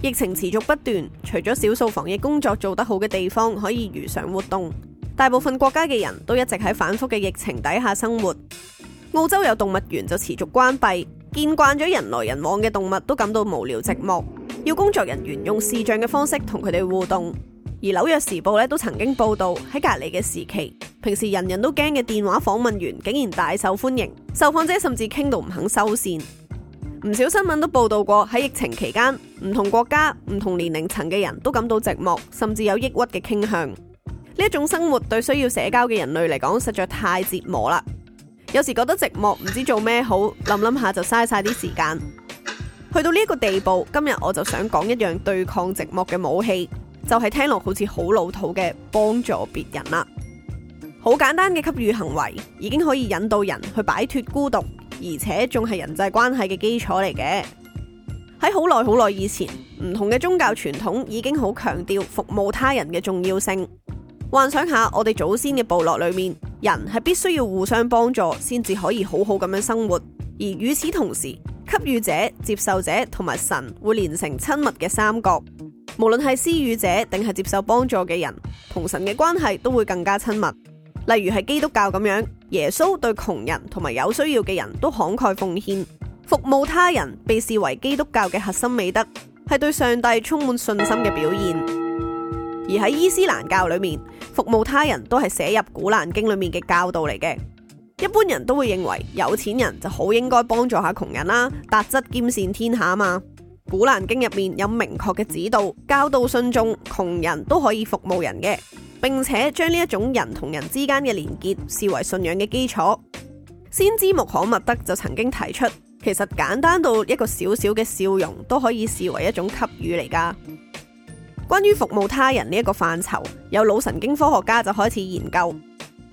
疫情持續不斷，除咗少數防疫工作做得好嘅地方可以如常活動，大部分國家嘅人都一直喺反覆嘅疫情底下生活。澳洲有動物園就持續關閉，見慣咗人來人往嘅動物都感到無聊寂寞，要工作人員用視像嘅方式同佢哋互動。而紐約時報咧都曾經報道，喺隔離嘅時期，平時人人都驚嘅電話訪問員竟然大受歡迎，受訪者甚至傾到唔肯收線。唔少新聞都報道過喺疫情期間，唔同國家、唔同年齡層嘅人都感到寂寞，甚至有抑鬱嘅傾向。呢一種生活對需要社交嘅人類嚟講實在太折磨啦。有時覺得寂寞，唔知做咩好，諗諗下就嘥晒啲時間。去到呢個地步，今日我就想講一樣對抗寂寞嘅武器，就係聽落好似好老土嘅幫助別人啦。好簡單嘅給予行為，已經可以引導人去擺脫孤獨。而且仲係人際關係嘅基礎嚟嘅。喺好耐好耐以前，唔同嘅宗教傳統已經好強調服務他人嘅重要性。幻想下我哋祖先嘅部落裏面，人係必須要互相幫助先至可以好好咁樣生活。而與此同時，給予者、接受者同埋神會連成親密嘅三角。無論係施予者定係接受幫助嘅人，同神嘅關係都會更加親密。例如係基督教咁樣，耶穌對窮人同埋有需要嘅人都慷慨奉獻，服務他人被視為基督教嘅核心美德，係對上帝充滿信心嘅表現。而喺伊斯蘭教裏面，服務他人都係寫入古蘭經裏面嘅教導嚟嘅。一般人都會認為，有錢人就好應該幫助下窮人啦，達則兼善天下嘛。古蘭經入面有明確嘅指導，教導信眾，窮人都可以服務人嘅。並且將呢一種人同人之間嘅連結視為信仰嘅基礎。先知穆罕默德就曾經提出，其實簡單到一個小小嘅笑容都可以視為一種給予嚟㗎。關於服務他人呢一個範疇，有腦神經科學家就開始研究。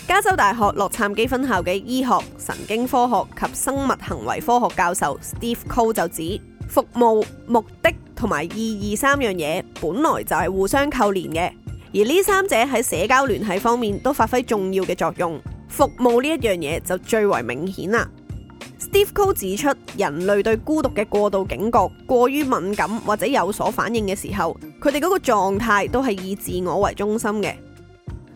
加州大學洛杉磯分校嘅醫學、神經科學及生物行為科學教授 Steve Cole 就指，服務、目的同埋意義三樣嘢本來就係互相扣連嘅。而呢三者喺社交聯繫方面都發揮重要嘅作用，服務呢一樣嘢就最為明顯啦。Steve Cole 指出，人類對孤獨嘅過度警覺、過於敏感或者有所反應嘅時候，佢哋嗰個狀態都係以自我為中心嘅。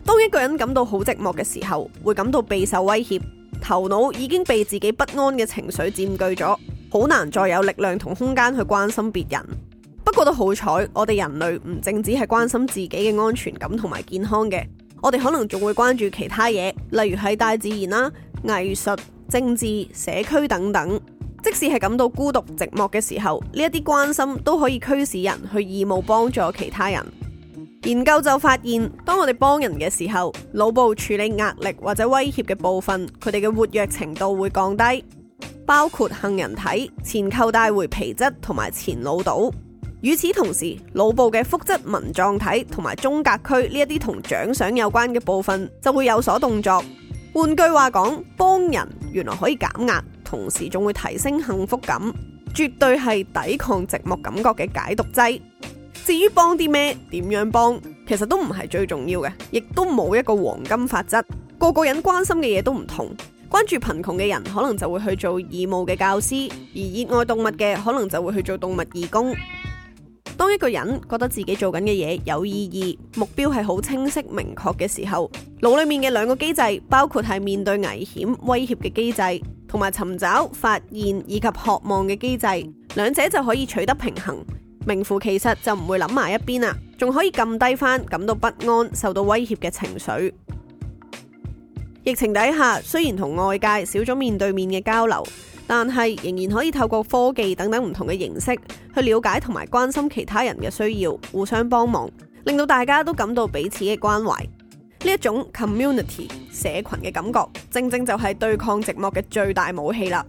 當一個人感到好寂寞嘅時候，會感到備受威脅，頭腦已經被自己不安嘅情緒佔據咗，好難再有力量同空間去關心別人。不過都好彩，我哋人類唔淨止係關心自己嘅安全感同埋健康嘅，我哋可能仲會關注其他嘢，例如喺大自然啦、藝術、政治、社區等等。即使係感到孤獨、寂寞嘅時候，呢一啲關心都可以驅使人去義務幫助其他人。研究就發現，當我哋幫人嘅時候，腦部處理壓力或者威脅嘅部分，佢哋嘅活躍程度會降低，包括杏仁體、前扣帶回皮質同埋前腦島。與此同時，腦部嘅腹質紋狀體同埋中隔區呢一啲同獎賞有關嘅部分就會有所動作。換句話講，幫人原來可以減壓，同時仲會提升幸福感，絕對係抵抗寂寞感覺嘅解毒劑。至於幫啲咩，點樣幫，其實都唔係最重要嘅，亦都冇一個黃金法則。個個人關心嘅嘢都唔同，關注貧窮嘅人可能就會去做義務嘅教師，而熱愛動物嘅可能就會去做動物義工。當一個人覺得自己做緊嘅嘢有意義，目標係好清晰明確嘅時候，腦裏面嘅兩個機制，包括係面對危險、威脅嘅機制，同埋尋找、發現以及渴望嘅機制，兩者就可以取得平衡，名副其實就唔會諗埋一邊啦，仲可以撳低翻感到不安、受到威脅嘅情緒。疫情底下，雖然同外界少咗面對面嘅交流，但係仍然可以透過科技等等唔同嘅形式，去了解同埋關心其他人嘅需要，互相幫忙，令到大家都感到彼此嘅關懷。呢一種 community 社群嘅感覺，正正就係對抗寂寞嘅最大武器啦。